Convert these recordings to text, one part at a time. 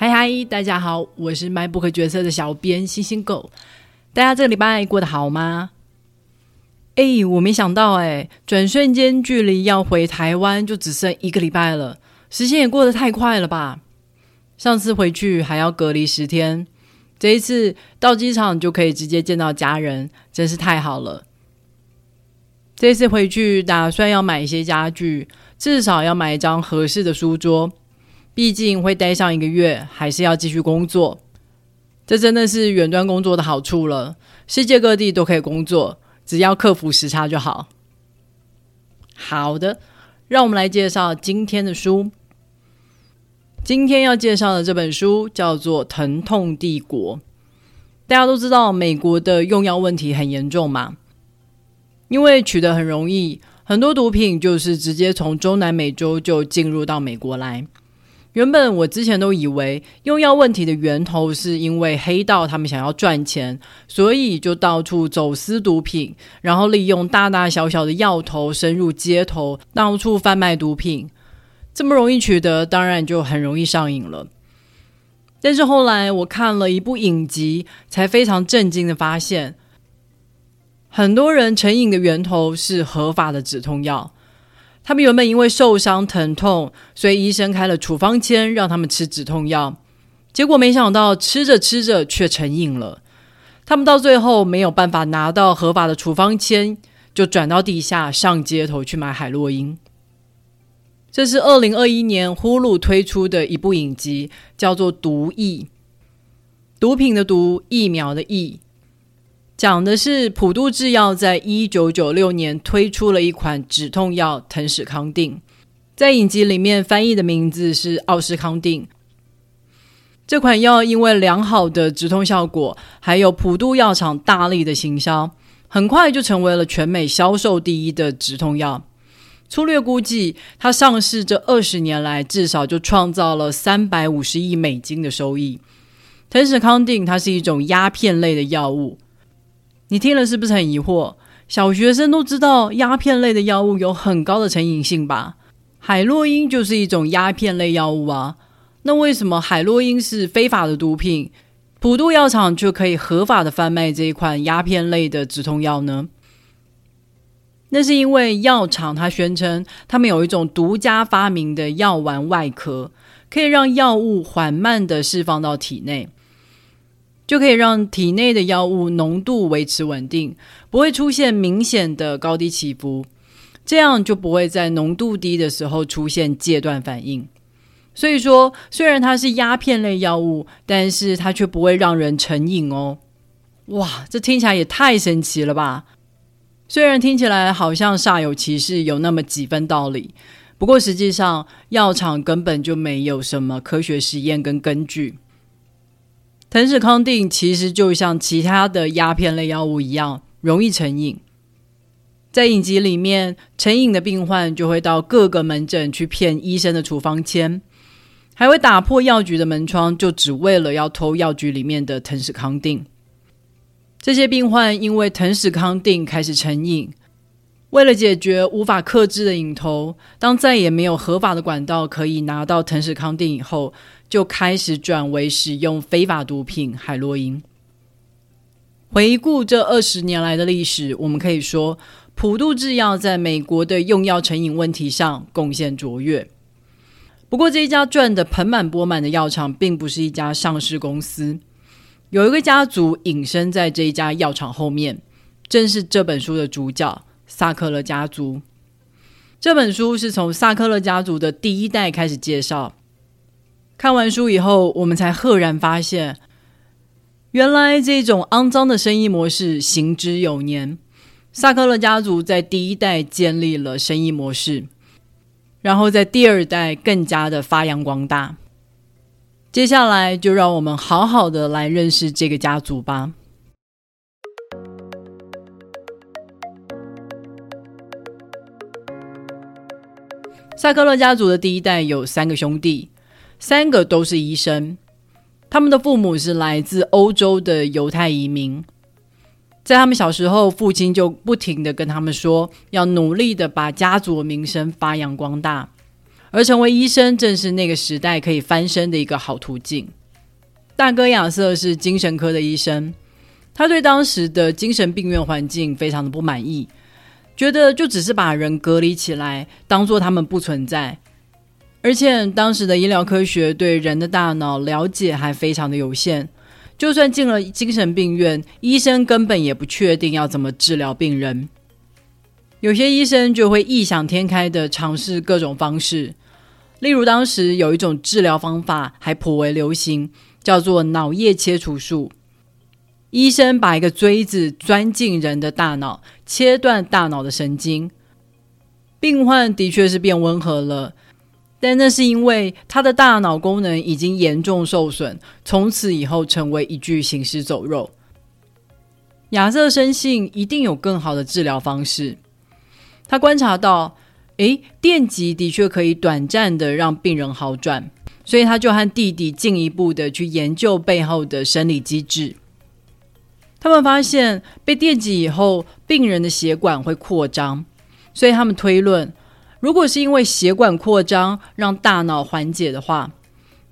嗨嗨，大家好，我是 MINEBOOK 掘冊的小編星星狗。大家這個禮拜過得好嗎？哎、欸，我沒想到、欸，哎，轉瞬間距離要回台灣就只剩一個禮拜了，時間也過得太快了吧！上次回去還要隔離十天，這一次到機場就可以直接見到家人，真是太好了。這一次回去打算要買一些家具，至少要買一張合適的書桌。畢竟會待上一個月，還是要繼續工作。這真的是遠端工作的好處了，世界各地都可以工作，只要克服時差就好。好的，讓我們來介紹今天的書。今天要介紹的這本書叫做《疼痛帝國》。大家都知道美國的用藥問題很嚴重嘛，因為取得很容易，很多毒品就是直接從中南美洲就進入到美國來。原本，我之前都以為用藥問題的源頭是因為黑道他們想要賺錢，所以就到處走私毒品，然後利用大大小小的藥頭深入街頭，到處販賣毒品。這麼容易取得，當然就很容易上癮了。但是後來我看了一部影集，才非常震驚的發現，很多人成癮的源頭是合法的止痛藥。他們原本因為受傷疼痛，所以醫生開了處方簽讓他們吃止痛藥，結果沒想到吃着吃着卻成癮了。他們到最後沒有辦法拿到合法的處方簽，就轉到地下，上街頭去買海洛因。這是二零二一年 Hulu 推出的一部影集，叫做《毒疫》，毒品的毒，疫苗的疫。講的是普渡制藥在一九九六年推出了一款止痛藥——疼始康定，在影集裡面翻譯的名字是奧施康定。這款藥因為良好的止痛效果，還有普渡藥廠大力的行銷，很快就成為了全美銷售第一的止痛藥。粗略估計，它上市這二十年來，至少就創造了三百五十億美金的收益。疼始康定它是一種鴉片類的藥物。你聽了是不是很疑惑？小學生都知道鴉片類的藥物有很高的成癮性吧？海洛因就是一種鴉片類藥物啊。那為什麼海洛因是非法的毒品，普渡藥廠就可以合法的販賣這一款鴉片類的止痛藥呢？那是因為藥廠它宣稱他們有一種獨家發明的藥丸外殼，可以讓藥物緩慢的釋放到體內。就可以讓體內的藥物濃度維持穩定，不會出現明顯的高低起伏，這樣就不會在濃度低的時候出現戒斷反應。所以說，雖然它是鴉片類藥物，但是它卻不會讓人成癮哦。哇，這聽起來也太神奇了吧！雖然聽起來好像煞有其事，有那麼幾分道理，不過實際上藥廠根本就沒有什麼科學實驗跟根據。藤始康定其實就像其他的鴉片類藥物一樣，容易成癮。在影集裡面，成癮的病患就會到各個門診去騙醫生的處方簽，還會打破藥局的門窗，就只為了要偷藥局裡面的藤始康定。這些病患因為藤始康定開始成癮，為了解決無法克制的癮頭，當再也沒有合法的管道可以拿到藤始康定以後。就開始轉為使用非法毒品海洛因。回顧這二十年來的歷史，我們可以說普渡製藥在美國的用藥成癮問題上貢獻卓越。不過，這一家賺得盆滿缽滿的藥廠並不是一家上市公司，有一個家族隱身在這一家藥廠後面，正是這本書的主角——薩克勒家族。這本書是從薩克勒家族的第一代開始介紹。看完書以後，我們才赫然發現，原來這種骯髒的生意模式行之有年。薩克勒家族在第一代建立了生意模式，然後在第二代更加的發揚光大。接下來就讓我們好好的來認識這個家族吧。薩克勒家族的第一代有三個兄弟。三個都是醫生，他們的父母是來自歐洲的猶太移民，在他們小時候，父親就不停的跟他們說，要努力的把家族的名聲發揚光大，而成為醫生正是那個時代可以翻身的一個好途徑。大哥亞瑟是精神科的醫生，他對當時的精神病院環境非常的不滿意，覺得就只是把人隔離起來，當做他們不存在。而且當時的醫療科學對人的大腦了解還非常的有限，就算進了精神病院，醫生根本也不確定要怎麼治療病人。有些醫生就會異想天開的嘗試各種方式，例如當時有一種治療方法還頗為流行，叫做腦葉切除術。醫生把一個錐子鑽進人的大腦，切斷大腦的神經，病患的確是變溫和了。但那是因為他的大腦功能已經嚴重受損，從此以後成為一具行屍走肉。亞瑟深信一定有更好的治療方式。他觀察到，哎，電極的確可以短暫的讓病人好轉，所以他就和弟弟進一步的去研究背後的生理機制。他們發現，被電擊以後，病人的血管會擴張，所以他們推論。如果是因為血管擴張讓大腦緩解的話，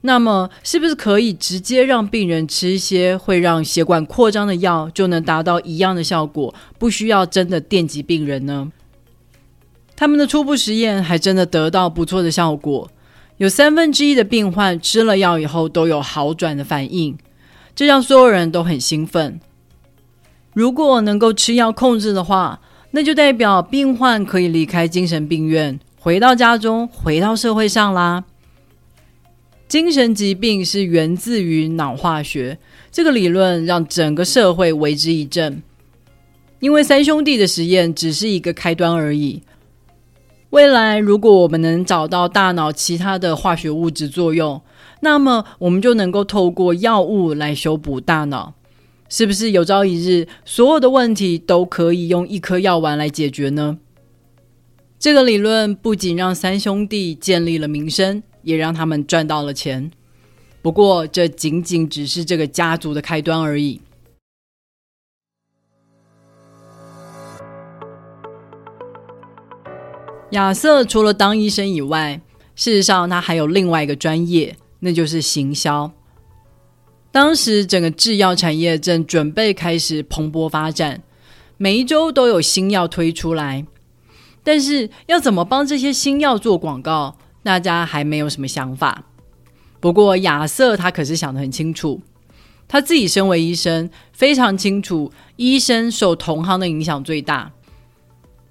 那麼是不是可以直接讓病人吃一些會讓血管擴張的藥，就能達到一樣的效果，不需要真的電擊病人呢？他們的初步實驗還真的得到不錯的效果，有三分之一的病患吃了藥以後都有好轉的反應，這讓所有人都很興奮。如果能夠吃藥控制的話。那就代表病患可以離開精神病院，回到家中，回到社會上啦。精神疾病是源自於腦化學，這個理論讓整個社會為之一振。因為三兄弟的實驗只是一個開端而已。未來，如果我們能找到大腦其他的化學物質作用，那麼我們就能夠透過藥物來修補大腦。是不是有朝一日，所有的問題都可以用一顆藥丸來解決呢？這個理論不僅讓三兄弟建立了名聲，也讓他們賺到了錢。不過，這僅僅只是這個家族的開端而已。亞瑟除了當醫生以外，事實上他還有另外一個專業，那就是行銷。當時整個製藥產業正準備開始蓬勃發展，每一周都有新藥推出來，但是要怎麼幫這些新藥做廣告，大家還沒有什麼想法。不過亞瑟他可是想得很清楚，他自己身為醫生，非常清楚醫生受同行的影響最大，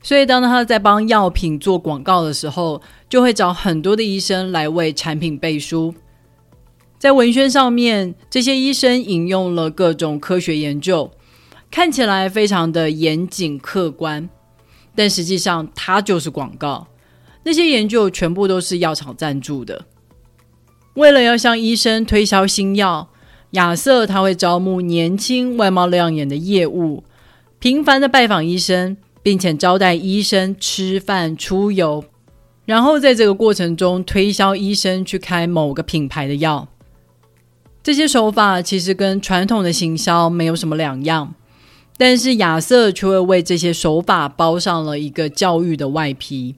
所以當他在幫藥品做廣告的時候，就會找很多的醫生來為產品背書。在文宣上面，這些醫生引用了各種科學研究，看起來非常的嚴謹客觀，但實際上它就是廣告。那些研究全部都是藥廠贊助的。為了要向醫生推銷新藥，亞瑟他會招募年輕、外貌亮眼的業務，頻繁的拜訪醫生，並且招待醫生吃飯、出遊，然後在這個過程中推銷醫生去開某個品牌的藥。這些手法其實跟傳統的行銷沒有什麼兩樣，但是亞瑟卻會為這些手法包上了一個教育的外皮。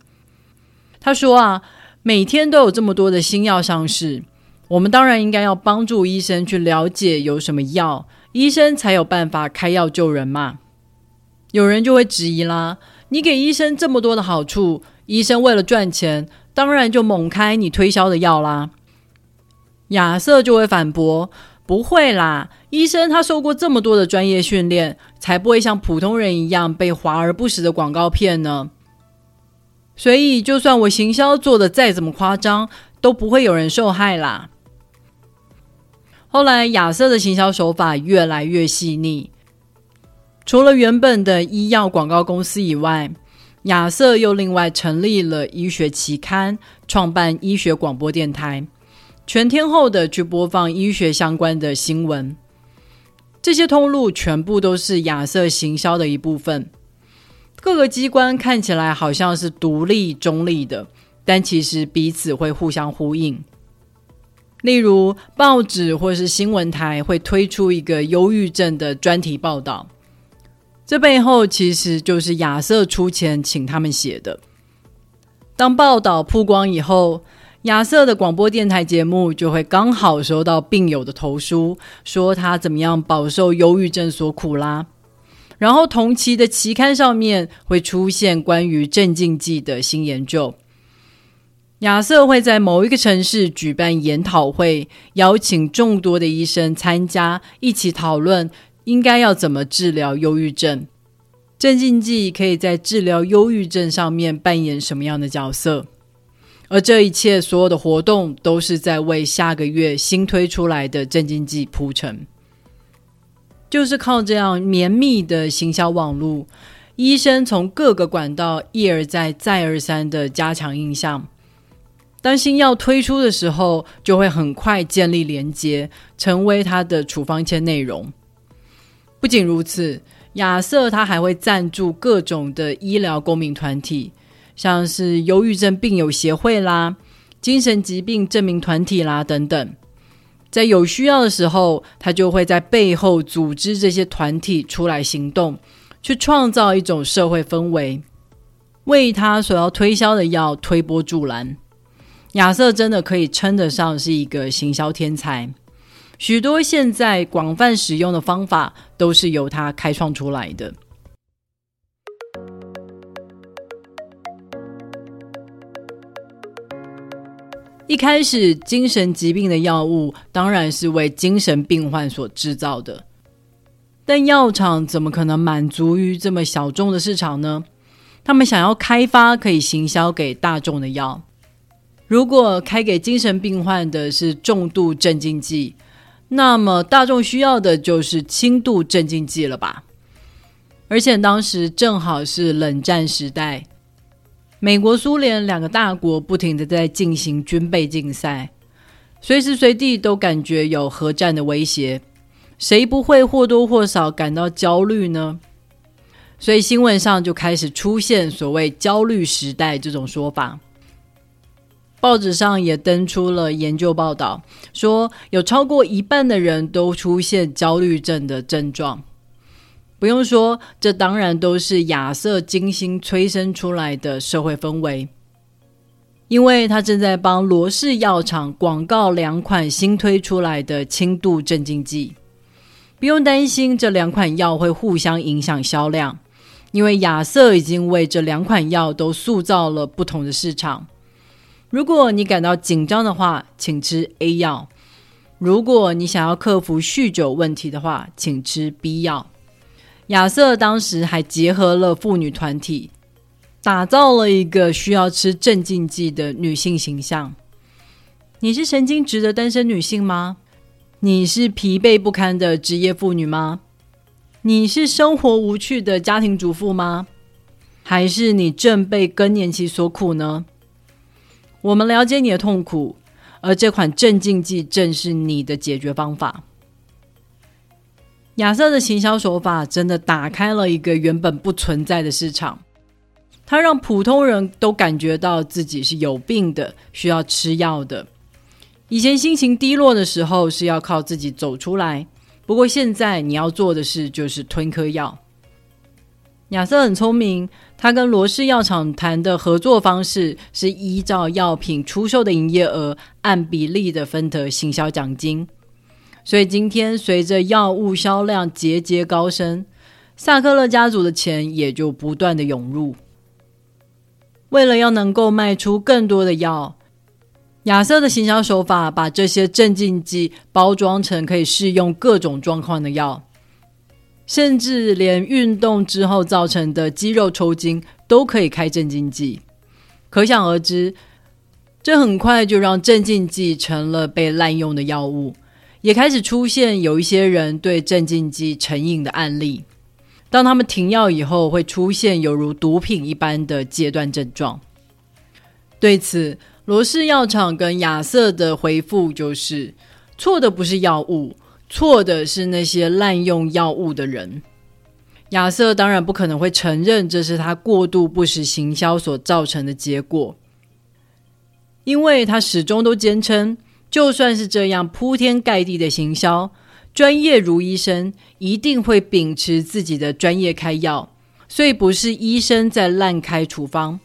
他說：“啊，每天都有這麼多的新藥上市，我們當然應該要幫助醫生去了解有什麼藥，醫生才有辦法開藥救人嘛。”有人就會質疑啦：“你給醫生這麼多的好處，醫生為了賺錢，當然就猛開你推銷的藥啦。”亞瑟就會反駁：“不會啦，醫生他受過這麼多的專業訓練，才不會像普通人一樣被華而不實的廣告騙呢。所以，就算我行銷做的再怎麼誇張，都不會有人受害啦。”後來，亞瑟的行銷手法越來越細膩。除了原本的醫藥廣告公司以外，亞瑟又另外成立了醫學期刊，創辦醫學廣播電台。全天候的去播放醫學相關的新聞，這些通路全部都是亞瑟行銷的一部分。各個機關看起來好像是獨立中立的，但其實彼此會互相呼應。例如報紙或是新聞台會推出一個憂鬱症的專題報道，這背後其實就是亞瑟出錢請他們寫的。當報道曝光以後，亞瑟的廣播電台節目就會剛好收到病友的投書，說他怎麼樣飽受憂鬱症所苦啦。然後同期的期刊上面會出現關於鎮靜劑的新研究。亞瑟會在某一個城市舉辦研討會，邀請眾多的醫生參加，一起討論應該要怎麼治療憂鬱症。鎮靜劑可以在治療憂鬱症上面扮演什麼樣的角色？而這一切，所有的活動都是在為下個月新推出來的鎮靜劑鋪陳。就是靠這樣綿密的行銷網絡，醫生從各個管道一而再、再而三的加強印象，擔心要推出的時候就會很快建立連接，成為他的處方箋內容。不僅如此，亞瑟他還會贊助各種的醫療公民團體。像是憂鬱症病友協會啦、精神疾病證明團體啦等等，在有需要的時候，他就會在背後組織這些團體出來行動，去創造一種社會氛圍，為他所要推銷的藥推波助瀾。亞瑟真的可以稱得上是一個行銷天才，許多現在廣泛使用的方法都是由他開創出來的。一開始，精神疾病的藥物當然是為精神病患所制造的，但藥廠怎麼可能滿足於這麼小眾的市場呢？他們想要開發可以行銷給大眾的藥。如果開給精神病患的是重度鎮靜劑，那麼大眾需要的就是輕度鎮靜劑了吧？而且當時正好是冷戰時代。美國、蘇聯兩個大國不停地在進行軍備競賽，隨時隨地都感覺有核戰的威脅，誰不會或多或少感到焦慮呢？所以新聞上就開始出現所謂“焦慮時代”這種說法，報紙上也登出了研究報道，說有超過一半的人都出現焦慮症的症狀。不用說，這當然都是亞瑟精心催生出來的社會氛圍，因為他正在幫羅氏藥廠廣告兩款新推出來的輕度鎮靜劑。不用擔心這兩款藥會互相影響銷量，因為亞瑟已經為這兩款藥都塑造了不同的市場。如果你感到緊張的話，請吃 A 藥；如果你想要克服酗酒問題的話，請吃 B 藥。亞瑟當時還結合了婦女團體，打造了一個需要吃鎮靜劑的女性形象。你是神經質的單身女性嗎？你是疲憊不堪的職業婦女嗎？你是生活無趣的家庭主婦嗎？還是你正被更年期所苦呢？我們了解你的痛苦，而這款鎮靜劑正是你的解決方法。亞瑟的行銷手法真的打開了一個原本不存在的市場，它讓普通人都感覺到自己是有病的，需要吃藥的。以前心情低落的時候是要靠自己走出來，不過現在你要做的事就是吞顆藥。亞瑟很聰明，他跟羅氏藥廠談的合作方式是依照藥品出售的營業額按比例的分得行銷獎金。所以今天隨着藥物銷量節節高昇，薩克勒家族的錢也就不斷的湧入。為了要能夠賣出更多的藥，亞瑟的行銷手法把這些鎮靜劑包裝成可以適用各種狀況的藥，甚至連運動之後造成的肌肉抽筋都可以開鎮靜劑。可想而知，這很快就讓鎮靜劑成了被濫用的藥物。也開始出現有一些人對鎮靜劑成癮的案例，當他們停藥以後，會出現猶如毒品一般的戒斷症狀。對此，羅氏藥廠跟亞瑟的回復就是：錯的不是藥物，錯的是那些濫用藥物的人。亞瑟當然不可能會承認這是他過度不實行銷所造成的結果，因為他始終都堅稱。就算是這樣鋪天蓋地的行銷，專業如醫生一定會秉持自己的專業開藥，所以不是醫生在濫開處方，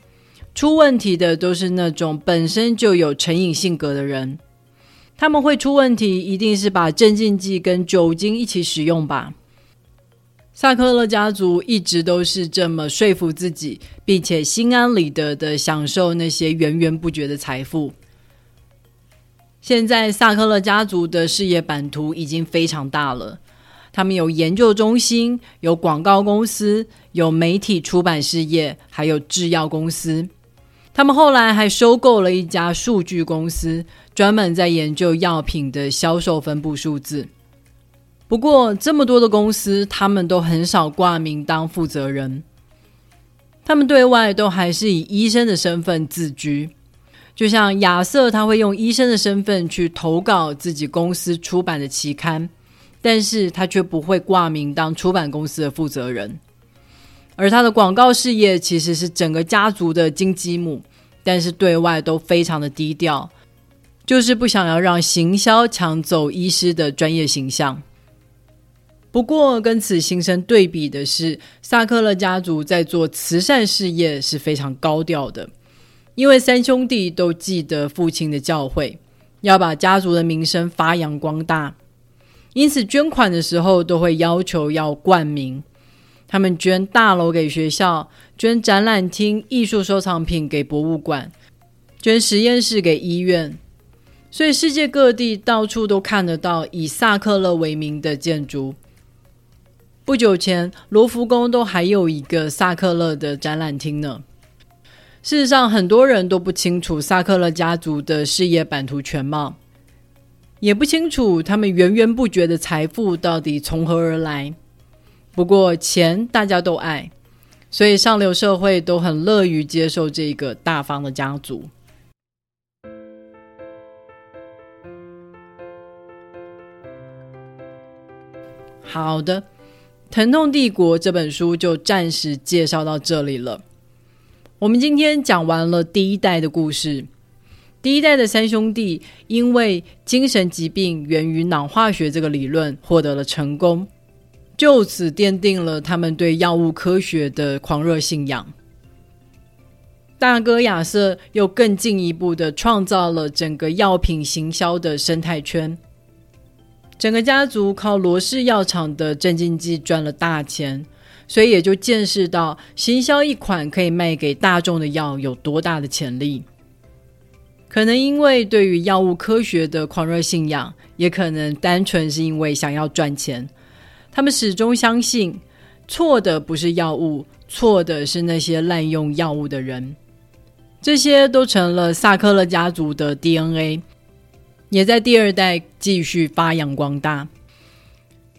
出問題的都是那種本身就有成癮性格的人，他們會出問題，一定是把鎮靜劑跟酒精一起使用吧。薩克勒家族一直都是這麼說服自己，並且心安理得的享受那些源源不絕的財富。現在薩克勒家族的事業版圖已經非常大了，他們有研究中心，有廣告公司，有媒體出版事業，還有制藥公司。他們後來還收購了一家數據公司，專門在研究藥品的銷售分布數字。不過，這麼多的公司，他們都很少掛名當負責人，他們對外都還是以醫生的身份自居。就像亞瑟，他會用醫生的身份去投稿自己公司出版的期刊，但是他卻不會掛名當出版公司的負責人。而他的廣告事業其實是整個家族的金雞母，但是對外都非常的低調，就是不想要讓行銷搶走醫師的專業形象。不過，跟此形成對比的是，薩克勒家族在做慈善事業是非常高調的。因為三兄弟都記得父親的教誨，要把家族的名聲發揚光大，因此捐款的時候都會要求要冠名。他們捐大樓給學校，捐展覽廳、藝術收藏品給博物館，捐實驗室給醫院，所以世界各地到處都看得到以薩克勒為名的建築。不久前，羅浮宮都還有一個薩克勒的展覽廳呢。事實上，很多人都不清楚薩克勒家族的事業版圖全貌，也不清楚他們源源不絕的財富到底從何而來。不過，錢大家都愛，所以上流社會都很樂於接受這個大方的家族。好的，《疼痛帝國》這本書就暫時介紹到這裡了。我們今天講完了第一代的故事。第一代的三兄弟因為精神疾病源於腦化學這個理論獲得了成功，就此奠定了他們對藥物科學的狂熱信仰。大哥亞瑟又更進一步的創造了整個藥品行銷的生態圈。整個家族靠羅氏藥廠的鎮靜劑賺了大錢。所以也就見識到行銷一款可以賣給大眾的藥有多大的潛力。可能因為對於藥物科學的狂熱信仰，也可能單純是因為想要賺錢，他們始終相信錯的不是藥物，錯的是那些濫用藥物的人。這些都成了薩克勒家族的 DNA，也在第二代繼續發揚光大。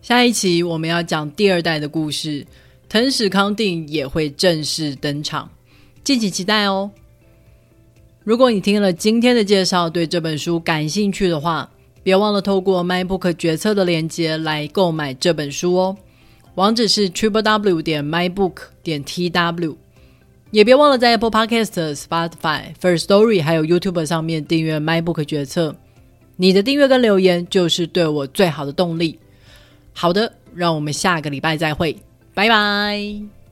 下一期我們要講第二代的故事。疼始康定也會正式登場，敬請期待哦！如果你聽了今天的介紹，對這本書感興趣的話，別忘了透過 Minebook 掘冊的鏈接來購買這本書哦。網址是 triple w 點 minebook 點 t w。也別忘了在 Apple Podcasts、Spotify、Firstory 還有 YouTube 上面訂閱 Minebook 掘冊。你的訂閱跟留言就是對我最好的動力。好的，讓我們下個禮拜再會。拜拜。